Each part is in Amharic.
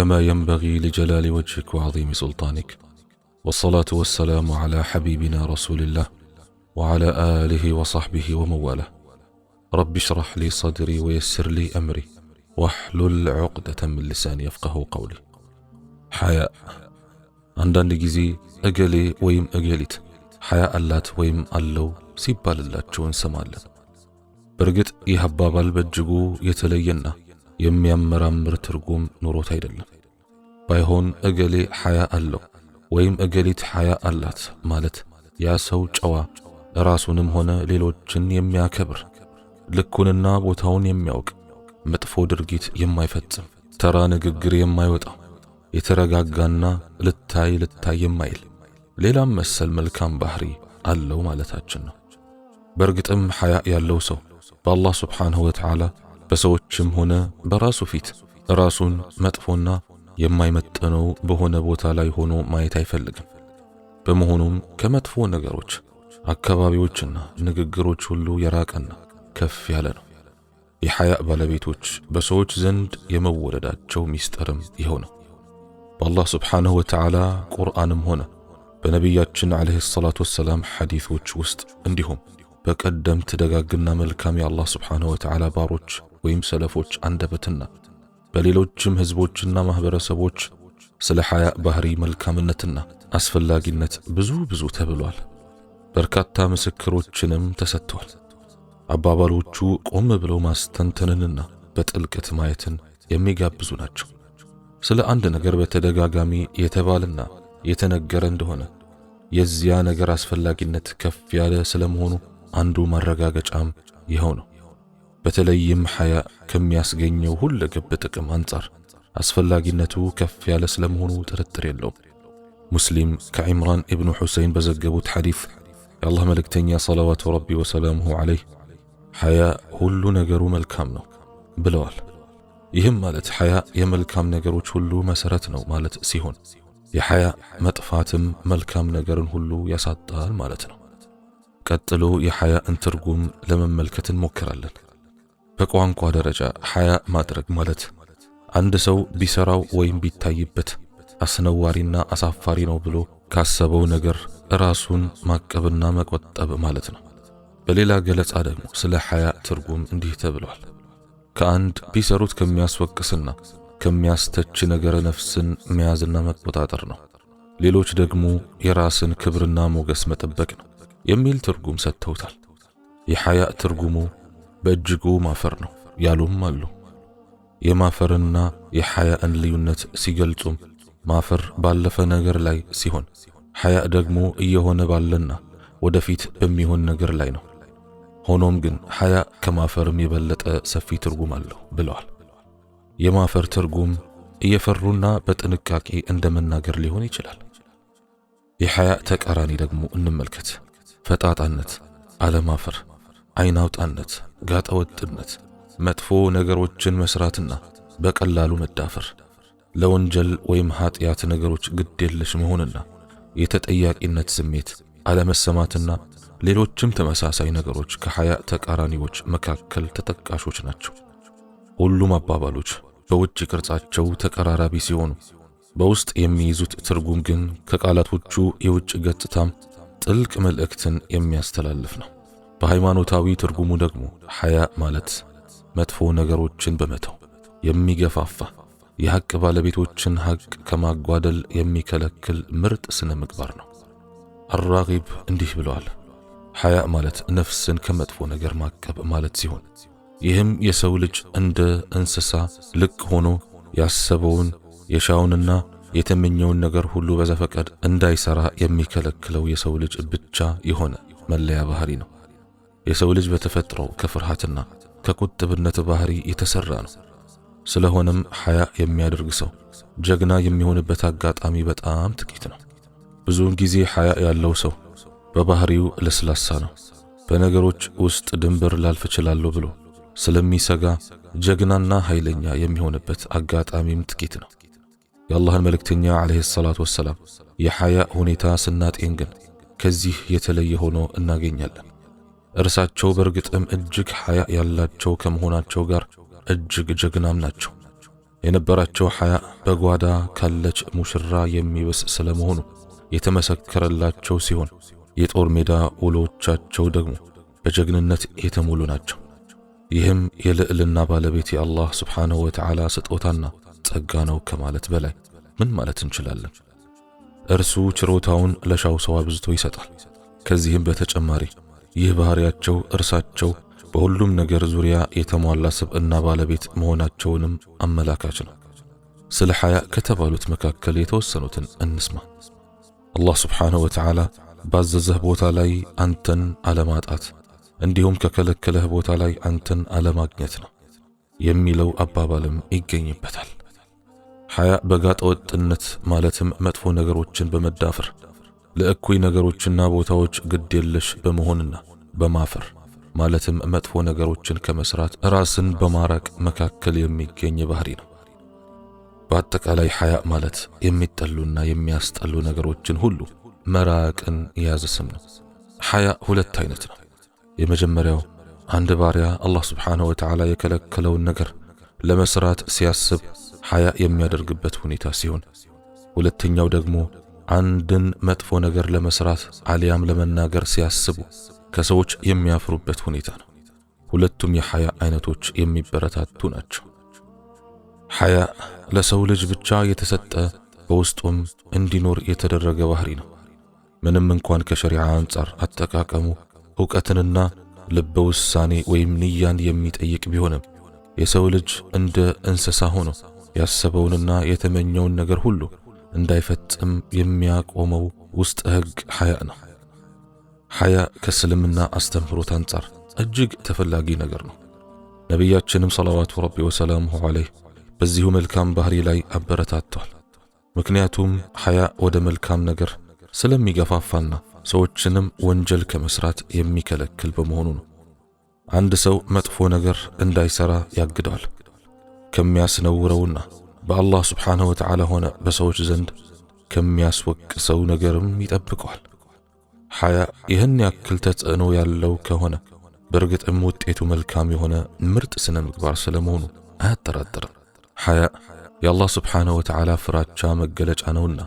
كما ينبغي لجلال وجهك وعظيم سلطانك والصلاة والسلام على حبيبنا رسول الله وعلى آله وصحبه ومواله رب اشرح لي صدري ويسر لي أمري واحلل عقدة من لساني يفقه قولي حياء አንዳንድ ጊዜ እገሌ ወይም እገሊት ሐያ አላት ወይም አለው ሲባልላቸው እንሰማለን። በእርግጥ ይህ አባባል በእጅጉ የተለየና የሚያመራምር ትርጉም ኑሮት አይደለም። ባይሆን እገሌ ሐያ አለው ወይም እገሊት ሐያ አላት ማለት ያ ሰው ጨዋ፣ ራሱንም ሆነ ሌሎችን የሚያከብር ልኩንና ቦታውን የሚያውቅ መጥፎ ድርጊት የማይፈጽም ተራ ንግግር የማይወጣ የተረጋጋና ልታይ ልታይ የማይል ሌላም መሰል መልካም ባህሪ አለው ማለታችን ነው። በእርግጥም ሐያ ያለው ሰው በአላህ ስብሓንሁ ወተዓላ በሰዎችም ሆነ በራሱ ፊት ራሱን መጥፎና የማይመጥነው በሆነ ቦታ ላይ ሆኖ ማየት አይፈልግም። በመሆኑም ከመጥፎ ነገሮች፣ አካባቢዎችና ንግግሮች ሁሉ የራቀና ከፍ ያለ ነው። የሐያእ ባለቤቶች በሰዎች ዘንድ የመወደዳቸው ሚስጥርም ይኸው ነው። በአላህ ስብሓንሁ ወተዓላ ቁርአንም ሆነ በነቢያችን ዓለይሂ ሰላቱ ወሰላም ሐዲቶች ውስጥ እንዲሁም በቀደምት ደጋግና መልካም የአላህ ስብሓንሁ ወተዓላ ባሮች ወይም ሰለፎች አንደበትና በሌሎችም ህዝቦችና ማህበረሰቦች ስለ ሐያ ባህሪ መልካምነትና አስፈላጊነት ብዙ ብዙ ተብሏል። በርካታ ምስክሮችንም ተሰጥቷል። አባባሎቹ ቆም ብለው ማስተንተንንና በጥልቀት ማየትን የሚጋብዙ ናቸው። ስለ አንድ ነገር በተደጋጋሚ የተባለና የተነገረ እንደሆነ የዚያ ነገር አስፈላጊነት ከፍ ያለ ስለመሆኑ አንዱ ማረጋገጫም ይኸው ነው። በተለይም ሐያ ከሚያስገኘው ሁለ ገብ ጥቅም አንጻር አስፈላጊነቱ ከፍ ያለ ስለመሆኑ ጥርጥር የለውም። ሙስሊም ከዒምራን ኢብኑ ሑሰይን በዘገቡት ሐዲፍ የአላህ መልእክተኛ ሰለዋቱ ረቢ ወሰላሙሁ ዓለይህ ሐያ ሁሉ ነገሩ መልካም ነው ብለዋል። ይህም ማለት ሐያ የመልካም ነገሮች ሁሉ መሠረት ነው ማለት ሲሆን የሐያ መጥፋትም መልካም ነገርን ሁሉ ያሳጣል ማለት ነው። ቀጥሎ የሐያእን ትርጉም ለመመልከት እንሞክራለን። በቋንቋ ደረጃ ሐያ ማድረግ ማለት አንድ ሰው ቢሰራው ወይም ቢታይበት አስነዋሪና አሳፋሪ ነው ብሎ ካሰበው ነገር ራሱን ማቀብና መቆጠብ ማለት ነው። በሌላ ገለጻ ደግሞ ስለ ሐያ ትርጉም እንዲህ ተብሏል። ከአንድ ቢሰሩት ከሚያስወቅስና ከሚያስተች ነገር ነፍስን መያዝና መቆጣጠር ነው። ሌሎች ደግሞ የራስን ክብርና ሞገስ መጠበቅ ነው የሚል ትርጉም ሰጥተውታል። የሐያ ትርጉሙ በእጅጉ ማፈር ነው ያሉም አሉ። የማፈርና የሐያእን ልዩነት ሲገልጹም ማፈር ባለፈ ነገር ላይ ሲሆን፣ ሐያእ ደግሞ እየሆነ ባለና ወደፊት በሚሆን ነገር ላይ ነው። ሆኖም ግን ሐያ ከማፈርም የበለጠ ሰፊ ትርጉም አለው ብለዋል። የማፈር ትርጉም እየፈሩና በጥንቃቄ እንደመናገር ሊሆን ይችላል። የሐያ ተቃራኒ ደግሞ እንመልከት። ፈጣጣነት፣ አለማፈር አይናውጣነት፣ ጋጠወጥነት፣ መጥፎ ነገሮችን መስራትና በቀላሉ መዳፈር፣ ለወንጀል ወይም ኃጢአት ነገሮች ግድ የለሽ መሆንና የተጠያቂነት ስሜት አለመሰማትና ሌሎችም ተመሳሳይ ነገሮች ከሐያ ተቃራኒዎች መካከል ተጠቃሾች ናቸው። ሁሉም አባባሎች በውጭ ቅርጻቸው ተቀራራቢ ሲሆኑ በውስጥ የሚይዙት ትርጉም ግን ከቃላቶቹ የውጭ ገጽታም ጥልቅ መልእክትን የሚያስተላልፍ ነው። በሃይማኖታዊ ትርጉሙ ደግሞ ሐያ ማለት መጥፎ ነገሮችን በመተው የሚገፋፋ የሐቅ ባለቤቶችን ሐቅ ከማጓደል የሚከለክል ምርጥ ስነ ምግባር ነው። አራጊብ እንዲህ ብለዋል። ሐያ ማለት ነፍስን ከመጥፎ ነገር ማቀብ ማለት ሲሆን ይህም የሰው ልጅ እንደ እንስሳ ልቅ ሆኖ ያሰበውን የሻውንና የተመኘውን ነገር ሁሉ በዘፈቀድ እንዳይሰራ የሚከለክለው የሰው ልጅ ብቻ የሆነ መለያ ባህሪ ነው። የሰው ልጅ በተፈጥሮ ከፍርሃትና ከቁጥብነት ባህሪ የተሰራ ነው። ስለሆነም ሐያ የሚያደርግ ሰው ጀግና የሚሆንበት አጋጣሚ በጣም ጥቂት ነው። ብዙውን ጊዜ ሐያ ያለው ሰው በባህሪው ለስላሳ ነው። በነገሮች ውስጥ ድንበር ላልፍ እችላለሁ ብሎ ስለሚሰጋ ጀግናና ኃይለኛ የሚሆንበት አጋጣሚም ጥቂት ነው። የአላህን መልእክተኛ ዓለይሂ ሰላቱ ወሰላም የሐያ ሁኔታ ስናጤን ግን ከዚህ የተለየ ሆኖ እናገኛለን። እርሳቸው በእርግጥም እጅግ ሐያ ያላቸው ከመሆናቸው ጋር እጅግ ጀግናም ናቸው። የነበራቸው ሐያ በጓዳ ካለች ሙሽራ የሚበስ ስለመሆኑ የተመሰከረላቸው ሲሆን የጦር ሜዳ ውሎቻቸው ደግሞ በጀግንነት የተሞሉ ናቸው። ይህም የልዕልና ባለቤት የአላህ ስብሓንሁ ወተዓላ ስጦታና ጸጋ ነው ከማለት በላይ ምን ማለት እንችላለን? እርሱ ችሮታውን ለሻው ሰው አብዝቶ ይሰጣል። ከዚህም በተጨማሪ ይህ ባህሪያቸው እርሳቸው በሁሉም ነገር ዙሪያ የተሟላ ስብዕና ባለቤት መሆናቸውንም አመላካች ነው። ስለ ሐያ ከተባሉት መካከል የተወሰኑትን እንስማ። አላህ ስብሓንሁ ወተዓላ ባዘዘህ ቦታ ላይ አንተን አለማጣት እንዲሁም ከከለከለህ ቦታ ላይ አንተን አለማግኘት ነው የሚለው አባባልም ይገኝበታል። ሐያ በጋጠ ወጥነት ማለትም መጥፎ ነገሮችን በመዳፈር ለእኩይ ነገሮችና ቦታዎች ግድ የለሽ በመሆንና በማፈር ማለትም መጥፎ ነገሮችን ከመስራት ራስን በማራቅ መካከል የሚገኝ ባህሪ ነው። በአጠቃላይ ሐያ ማለት የሚጠሉና የሚያስጠሉ ነገሮችን ሁሉ መራቅን የያዘ ስም ነው። ሐያ ሁለት አይነት ነው። የመጀመሪያው አንድ ባሪያ አላህ ስብሓንሁ ወተዓላ የከለከለውን ነገር ለመስራት ሲያስብ ሐያ የሚያደርግበት ሁኔታ ሲሆን፣ ሁለተኛው ደግሞ አንድን መጥፎ ነገር ለመስራት አሊያም ለመናገር ሲያስቡ ከሰዎች የሚያፍሩበት ሁኔታ ነው። ሁለቱም የሐያ አይነቶች የሚበረታቱ ናቸው። ሐያ ለሰው ልጅ ብቻ የተሰጠ በውስጡም እንዲኖር የተደረገ ባህሪ ነው። ምንም እንኳን ከሸሪዓ አንጻር አጠቃቀሙ እውቀትንና ልበ ውሳኔ ወይም ንያን የሚጠይቅ ቢሆንም የሰው ልጅ እንደ እንስሳ ሆኖ ያሰበውንና የተመኘውን ነገር ሁሉ እንዳይፈጽም የሚያቆመው ውስጥ ሕግ ሐያ ነው። ሐያ ከእስልምና አስተምህሮት አንጻር እጅግ ተፈላጊ ነገር ነው። ነቢያችንም ሰለዋቱ ረቢ ወሰላሙሁ ዐለይህ በዚሁ መልካም ባህሪ ላይ አበረታቷል። ምክንያቱም ሐያ ወደ መልካም ነገር ስለሚገፋፋና ሰዎችንም ወንጀል ከመስራት የሚከለክል በመሆኑ ነው። አንድ ሰው መጥፎ ነገር እንዳይሰራ ያግደዋል ከሚያስነውረውና በአላህ ስብሓንሁ ወተዓላ ሆነ በሰዎች ዘንድ ከሚያስወቅሰው ነገርም ይጠብቀዋል። ሐያ ይህን ያክል ተጽዕኖ ያለው ከሆነ በእርግጥም ውጤቱ መልካም የሆነ ምርጥ ስነ ምግባር ስለመሆኑ አያጠራጥርም። ሐያ የአላህ ስብሓንሁ ወተዓላ ፍራቻ መገለጫ ነውና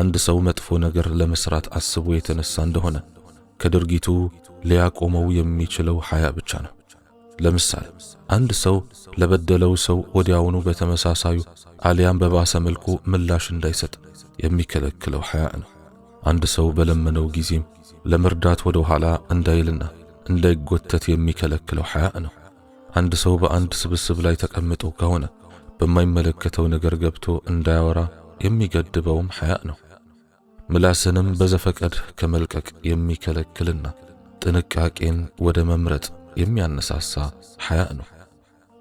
አንድ ሰው መጥፎ ነገር ለመስራት አስቦ የተነሳ እንደሆነ ከድርጊቱ ሊያቆመው የሚችለው ሐያ ብቻ ነው። ለምሳሌ አንድ ሰው ለበደለው ሰው ወዲያውኑ በተመሳሳዩ አሊያም በባሰ መልኩ ምላሽ እንዳይሰጥ የሚከለክለው ሐያ ነው። አንድ ሰው በለመነው ጊዜም ለመርዳት ወደ ኋላ እንዳይልና እንዳይጎተት የሚከለክለው ሐያ ነው። አንድ ሰው በአንድ ስብስብ ላይ ተቀምጦ ከሆነ በማይመለከተው ነገር ገብቶ እንዳያወራ የሚገድበውም ሐያ ነው። ምላስንም በዘፈቀድ ከመልቀቅ የሚከለክልና ጥንቃቄን ወደ መምረጥ የሚያነሳሳ ሐያእ ነው።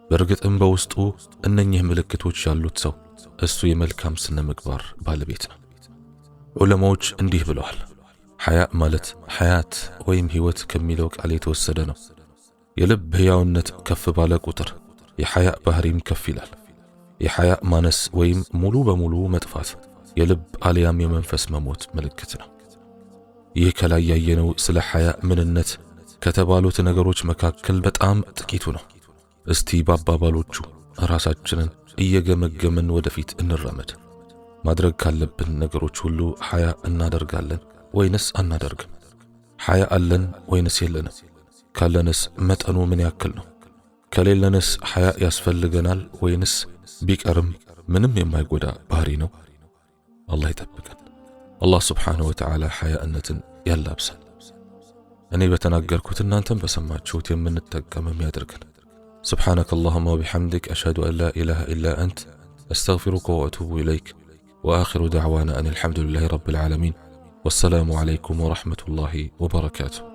በእርግጥም በውስጡ እነኚህ ምልክቶች ያሉት ሰው እሱ የመልካም ስነ ምግባር ባለቤት ነው። ዑለማዎች እንዲህ ብለዋል። ሐያእ ማለት ሐያት ወይም ሕይወት ከሚለው ቃል የተወሰደ ነው። የልብ ሕያውነት ከፍ ባለ ቁጥር የሐያእ ባህሪም ከፍ ይላል። የሐያእ ማነስ ወይም ሙሉ በሙሉ መጥፋት የልብ አልያም የመንፈስ መሞት ምልክት ነው። ይህ ከላይ ያየነው ስለ ሐያእ ምንነት ከተባሉት ነገሮች መካከል በጣም ጥቂቱ ነው። እስቲ በአባባሎቹ ራሳችንን እየገመገምን ወደፊት እንራመድ። ማድረግ ካለብን ነገሮች ሁሉ ሐያ እናደርጋለን ወይንስ አናደርግም? ሐያ አለን ወይንስ የለንም? ካለንስ መጠኑ ምን ያክል ነው? ከሌለንስ ሐያ ያስፈልገናል ወይንስ ቢቀርም ምንም የማይጎዳ ባህሪ ነው? አላህ ይጠብቀን። አላህ ስብሓንሁ ወተዓላ ሐያእነትን ያላብሰን። እኔ በተናገርኩት እናንተም በሰማችሁት የምንጠቀም የሚያደርገን። ስብሓነከ አላሁማ ወቢሐምድክ አሽሀዱ አን ላ ኢላሃ ኢላ አንት አስተግፊሩከ ወአቱቡ ኢለይክ ወአኺሩ ደዕዋና አን አልሐምዱሊላሂ ረቢል ዓለሚን ወሰላሙ ዓለይኩም ወረሕመቱላሂ ወበረካቱሁ።